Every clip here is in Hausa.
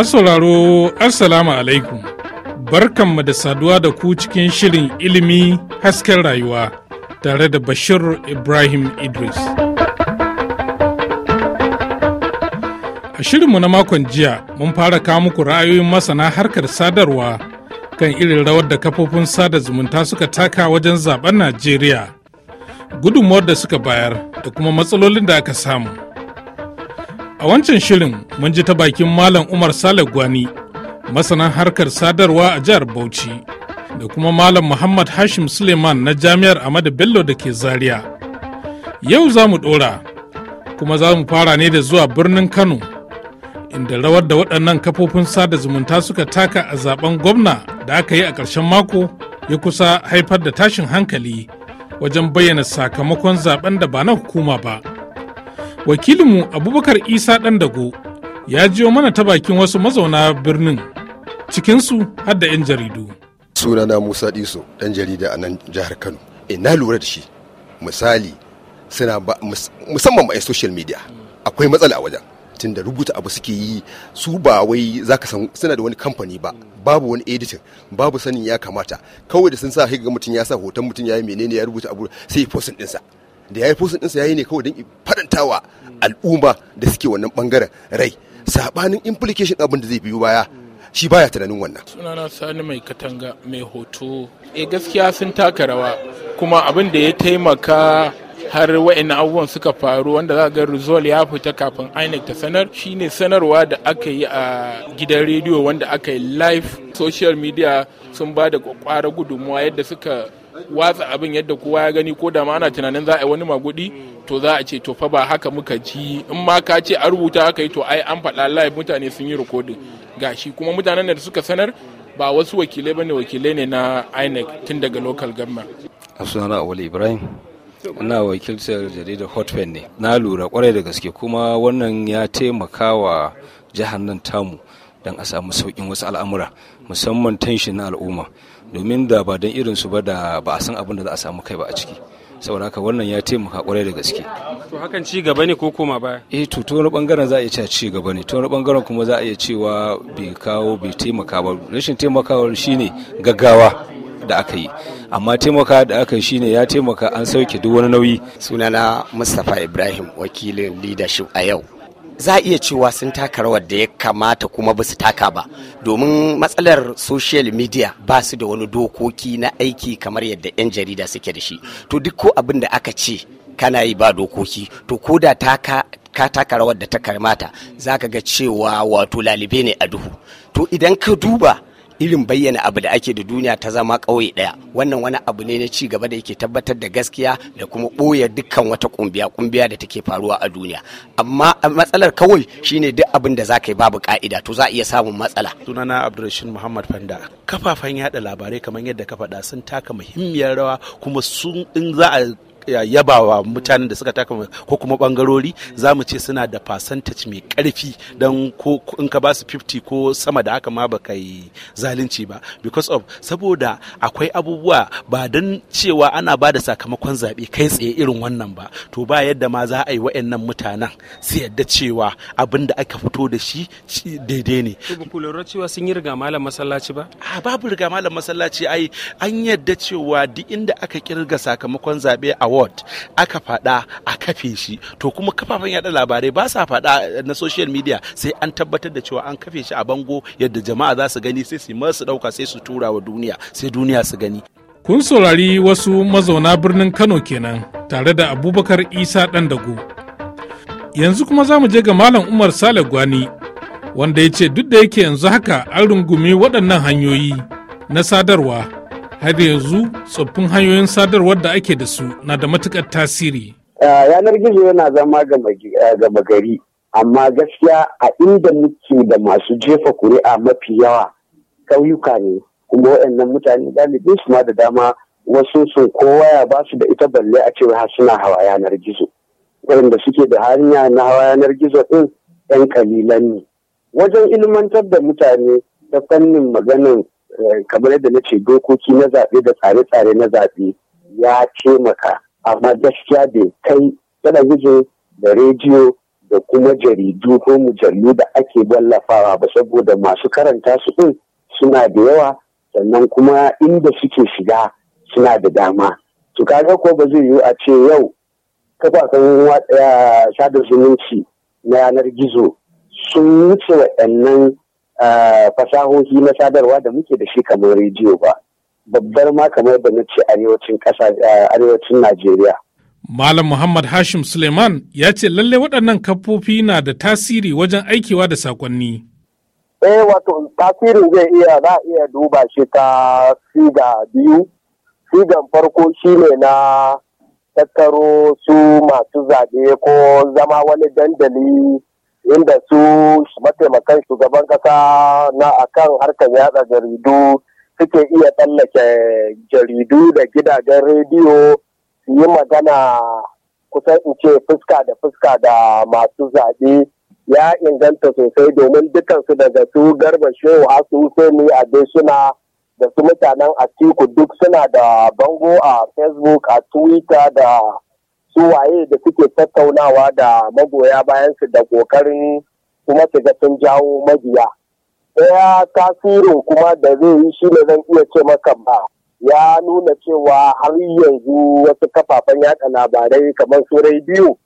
Masu sauraro Assalamu alaikum. Barkanmu da saduwa da ku cikin shirin ilimi hasken rayuwa tare da Bashir Ibrahim Idris. A shirinmu na makon jiya mun fara kawo muku ra'ayoyin masana harkar sadarwa kan irin rawar da kafofin sada zumunta suka taka wajen zaben Najeriya, gudunmuwar da suka bayar da kuma matsalolin da aka samu. A wancan shirin mun ji ta bakin Malam Umar Saleh Gwani, masanan harkar sadarwa a jihar Bauchi, da kuma Malam Muhammad Hashim Suleiman na Jami'ar Ahmadu Bello da ke Zaria. Yau za mu ɗora, kuma za mu fara ne da zuwa birnin Kano, inda rawar da waɗannan kafofin sada zumunta suka taka a zaben gwamna da aka yi a ƙarshen mako ya kusa haifar da tashin hankali wajen bayyana sakamakon zaben da ba na hukuma ba. wakilinmu abubakar isa ɗan dago ya jiyo mana ta bakin wasu mazauna birnin cikinsu har da 'yan jaridu sunana musa ɗiso ɗan jarida a nan jihar kano ina eh, na lura da shi misali suna musamman ma'ai social media akwai matsala a wajen tun da rubuta abu suke yi su ba wai za ka san suna da wani kamfani ba babu wani editing babu sanin ya kamata kawai da sun sa ga mutum ya sa hoton mutum ya yi menene ya rubuta abu sai postin ɗinsa da ya yi postin ɗinsa ya yi ne kawai don faɗa fartawa al'umma da suke wannan bangaren rai sabanin implication abin da zai biyu baya shi baya tunanin wannan sunana sani mai katanga mai hoto e gaskiya sun taka rawa kuma abin da ya taimaka har wa'in abubuwan suka faru wanda za ga rizol ya fita kafin inec ta sanar shine sanarwa da aka yi a gidan rediyo wanda aka yi live social media sun ba da kwakwara gudunmuwa yadda suka watsa abin yadda kowa ya gani ko da ma ana tunanin za a yi wani magudi to za a ce to fa ba haka muka ji in ma ka ce a rubuta haka yi to ai an faɗa live mutane sun yi rikodin gashi kuma mutanen da suka sanar ba wasu wakilai bane wakilai ne na INEC tun daga local government sunana Awali Ibrahim ina wakiltar jaridar Hotfen ne na lura kwarai da gaske kuma wannan ya taimaka wa jihar nan tamu don a samu sauƙin wasu al'amura musamman tanshi na al'umma domin da ba don irinsu ba da ba a san abin da za a samu kai ba a ciki saboda haka wannan ya taimaka kwarai da gaske to hakan ci gaba ne ko koma ba. eh to ta wani bangaren za a iya cewa ci gaba ne ta wani bangaren kuma za a iya cewa bai kawo bai taimaka ba rashin taimakawar shine gaggawa da aka yi amma taimaka da aka yi shine ya taimaka an sauke duk wani nauyi sunana mustapha ibrahim wakilin leadership a yau za a iya cewa sun taka rawar da ya kamata kuma ba su taka ba domin matsalar social media ba su da wani dokoki na aiki kamar yadda 'yan jarida suke da shi to duk ko abin da aka ce kana yi ba dokoki to ko da taka ka taka rawar da ta kamata za ka ga cewa wato lalibe ne a duhu to idan ka duba irin bayyana abu da ake da duniya ta zama ƙauye ɗaya wannan wani abu ne na ci gaba da yake tabbatar da gaskiya da kuma ɓoye dukkan wata kumbiya kumbiya da take faruwa a duniya amma matsalar kawai shine duk abin da za babu ka'ida to za a iya samun matsala sunana abdulrashin muhammad fanda kafafen yada labarai kamar yadda ka faɗa sun taka muhimmiyar rawa kuma sun in za a yabawa mutanen da suka taka ko kuma bangarori za mu ce suna da percentage mai karfi don ko in ka ba su 50 ko sama da haka ma ba kai zalunci ba because of saboda akwai abubuwa ba don cewa ana ba da sakamakon zaɓe kai tsaye irin wannan ba to ba yadda ma za a yi wa'annan mutanen su yadda cewa abin da aka fito da shi daidai ne. cewa sun yi riga malam masallaci ba? A babu riga malam masallaci ai an yadda cewa duk inda aka kirga sakamakon zaɓe a award aka faɗa a kafe shi to kuma kafafen yada labarai ba sa faɗa eh, na social media sai an tabbatar da cewa an kafe shi a bango yadda jama'a za su gani sai su masu ɗauka sai su tura wa duniya sai duniya su gani kun saurari wasu mazauna birnin kano kenan tare da abubakar isa ɗan dago yanzu kuma za mu je ga malam umar sale gwani wanda ya ce duk da yake yanzu haka an rungumi waɗannan hanyoyi na sadarwa har yanzu tsoffin hanyoyin sadarwar da ake da su na da matukar tasiri. yanar gizo yana zama gama gari amma gaskiya a inda muke da masu jefa kuri'a mafi yawa ƙauyuka ne kuma waɗannan mutane galibin su ma da dama wasu sun kowaya ba su da ita balle a cewa har suna hawa yanar gizo waɗanda suke da hanya na hawa yanar gizo ɗin 'yan kalilan ne wajen ilmantar da mutane ta fannin maganin Eh, kamar yadda na ce dokoki na zaɓe da tsare-tsare na zaɓe ya taimaka amma gaskiya bai kai talabijin da rediyo da kuma jaridu ko mujallu da ake wallafawa ba saboda masu karanta su ɗin suna da yawa sannan kuma inda suke shiga suna da dama to kaga ko ba zai yiwu a ce yau kafafen eh, sada zumunci na yanar gizo sun wuce waɗannan fasahohi na sadarwa da muke da shi kamar rediyo ba babbar ma kamar da na ce arewacin ƙasa arewacin Najeriya. Malam Muhammad Hashim Suleiman ya ce lalle waɗannan kafofi na da tasiri wajen aikewa da saƙonni. Eh wato tasirin zai iya za a iya duba shi ta siga biyu. Sigan farko shine na tattaro su masu zaɓe ko zama wani dandali inda su mataimakan shugaban kasa na akan harkar yatsa jaridu suke iya tsallake jaridu da gidajen rediyo su yi magana kusan in ce fuska da fuska da masu zaɓe ya inganta sosai domin dukansu daga su garba shehu hasu sani a suna da su mutanen atiku duk suna da bango a facebook a twitter da su waye da suke tattaunawa da magoya bayan su da kokarin kuma su ga sun jawo mabiya ɗaya tasirin kuma da zai yi shi ne zan iya ce maka ba ya nuna cewa har yanzu wasu kafafen yada labarai kamar su rediyo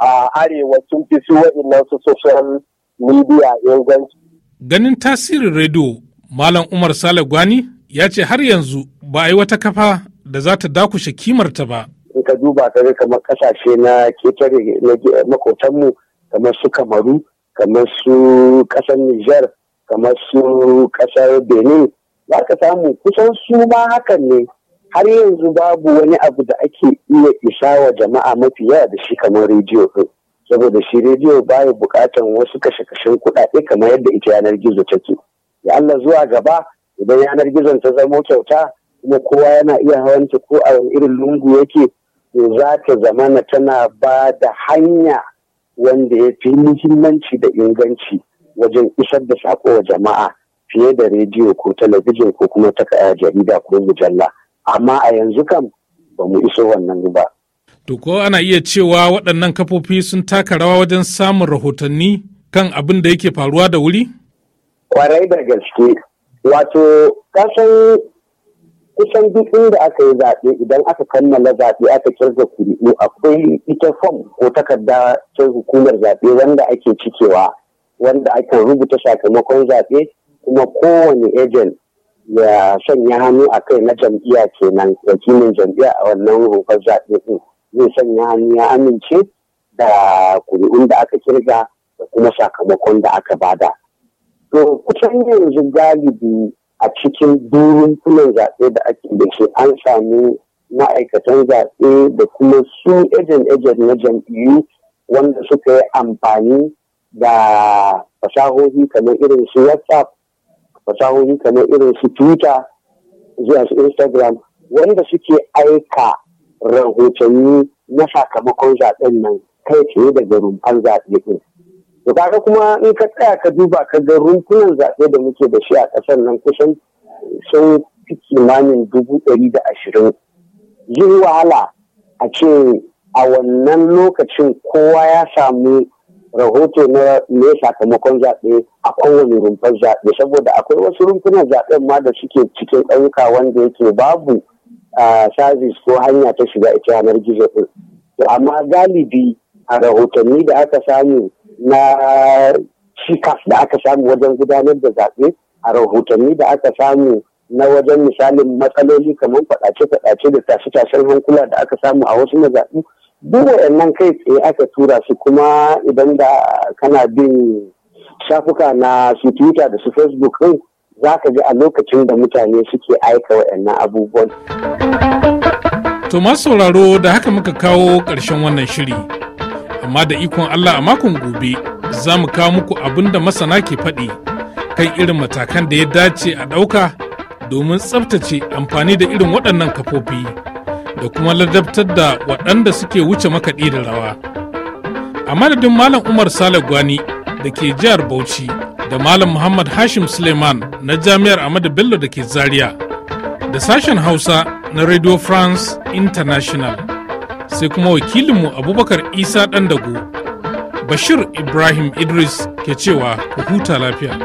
a arewa sun fi su waɗannan su social media inganci. Ganin tasirin rediyo Malam Umar Sale Gwani ya ce har yanzu ba a yi wata kafa da za ta dakushe kimarta ba. in ka duba ka ga kamar kasashe na ketare na makotanmu kamar su kamaru kamar su kasar niger kamar su kasar benin za ka samu kusan su ma hakan ne har yanzu babu wani abu da ake iya isa wa jama'a mafi yawa da shi kamar rediyo ɗin saboda shi rediyo baya bukatan wasu kashe-kashen kuɗaɗe kamar yadda ita yanar gizo take ya Allah zuwa gaba idan yanar gizon ta zamo kyauta kuma kowa yana iya hawanta ko a wani irin lungu yake to za ta zamana tana ba da hanya wanda ya fi muhimmanci da inganci wajen isar da sako wa jama'a fiye da rediyo ko talabijin ko kuma ta jarida ko mujalla amma a yanzu kam ba mu iso wannan ba. To ko ana iya cewa waɗannan kafofi sun taka rawa wajen samun rahotanni kan abin da yake faruwa da wuri? Kwarai da gaske, wato kasan kusan duk inda aka yi zaɓe idan aka kammala zaɓe aka kirga kuri'u akwai ita fom ko takarda ta hukumar zaɓe wanda ake cikewa wanda ake rubuta sakamakon zaɓe kuma kowane ejen ya sanya hannu a kai na jam'iya kenan wakilin jam'iyya a wannan rufar zaɓe ɗin zai sanya hannu ya amince da kuri'un da aka kirga da kuma sakamakon da aka bada. To kusan yanzu galibi a cikin durin kulan zaɓe da ake da shi an sami ma'aikatan zaɓe da kuma su ejen ejen na jam'iyyu wanda suka yi amfani da fasahohi kamar irin su whatsapp fasahohi kamar irin su twitter zuwa su instagram wanda suke aika rahotanni na sakamakon zaɓen nan kai tsaye daga rumfan zaɓe ɗin da kaga kuma in ka tsaya ka duba ka ga rumfunan zaɓe da muke da shi a ƙasar nan kusan sun fi kimanin dubu ɗari da ashirin yin wahala a ce a wannan lokacin kowa ya samu rahoto na me sakamakon zaɓe a kowane rumfar zaɓe saboda akwai wasu rumfunan zaɓe ma da suke cikin ɗauka wanda yake babu a ah, ko hanya ta shiga ita yanar gizo ɗin to amma galibi a rahotanni da aka samu na cikas da aka samu wajen gudanar da zaɓe a rahotanni da aka samu na wajen misalin matsaloli kamar faɗace-faɗace da tashe tashar hankula da aka samu a wasu mazaɓu duk waɗannan kai tsaye aka tura su kuma idan da kana bin shafuka na su twitter da su facebook ɗin za ka ji a lokacin da mutane suke aika waɗannan abubuwan. To masu sauraro da haka muka kawo ƙarshen wannan shiri. amma da ikon Allah a makon gobe za mu kawo muku abin da masana ke faɗi kan irin matakan da ya dace a ɗauka domin tsabtace amfani da irin waɗannan kafofi da kuma ladabtar da waɗanda suke wuce makaɗi da rawa. A madadin Malam Umar Sale Gwani da ke jihar Bauchi da Malam Muhammad Hashim Suleiman na Jami'ar Ahmadu Bello da ke Zaria da sashen Hausa na Radio France International. sai kuma wakilinmu abubakar isa ɗan dago bashir ibrahim idris ke cewa ku huta lafiya